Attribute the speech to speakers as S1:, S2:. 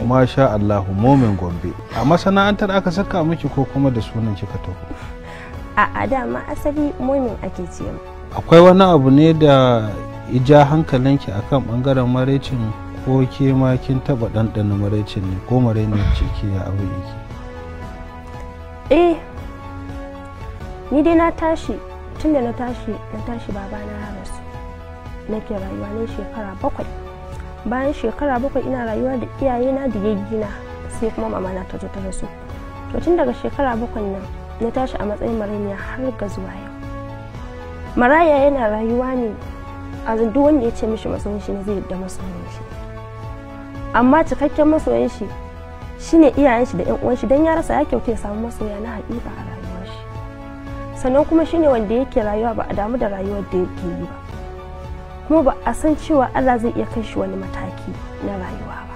S1: masha allahu momin gombe a masana'antar aka saka miki ko kuma da sunan kika taho
S2: a dama asali momin ake ce
S1: akwai wani abu ne da ija hankalinki akan bangaren maraicin ko ke ma kin taba ɗanɗana maraicin ne ko marainin ciki ya aure ki
S3: eh ni dai na tashi tunda na tashi na tashi babana nake rayuwa ne shekara bakwai bayan shekara bakwai ina rayuwa da iyayena da yayyina sai kuma mama na ta ta rasu to tun daga shekara bakwai nan na tashi a matsayin marayya har ga zuwa yau maraya yana rayuwa ne a duk wanda ya ce mishi masoyin shi ne zai yadda masoyin shi amma cikakken masoyin shi shine iyayen shi da yan uwan shi dan ya rasa ya kyauta ya samu masoya na haƙiƙa a rayuwar shi sannan kuma shine wanda yake rayuwa ba a damu da rayuwar da yake yi ba kuma ba a san cewa Allah zai iya kai shi wani mataki na rayuwa ba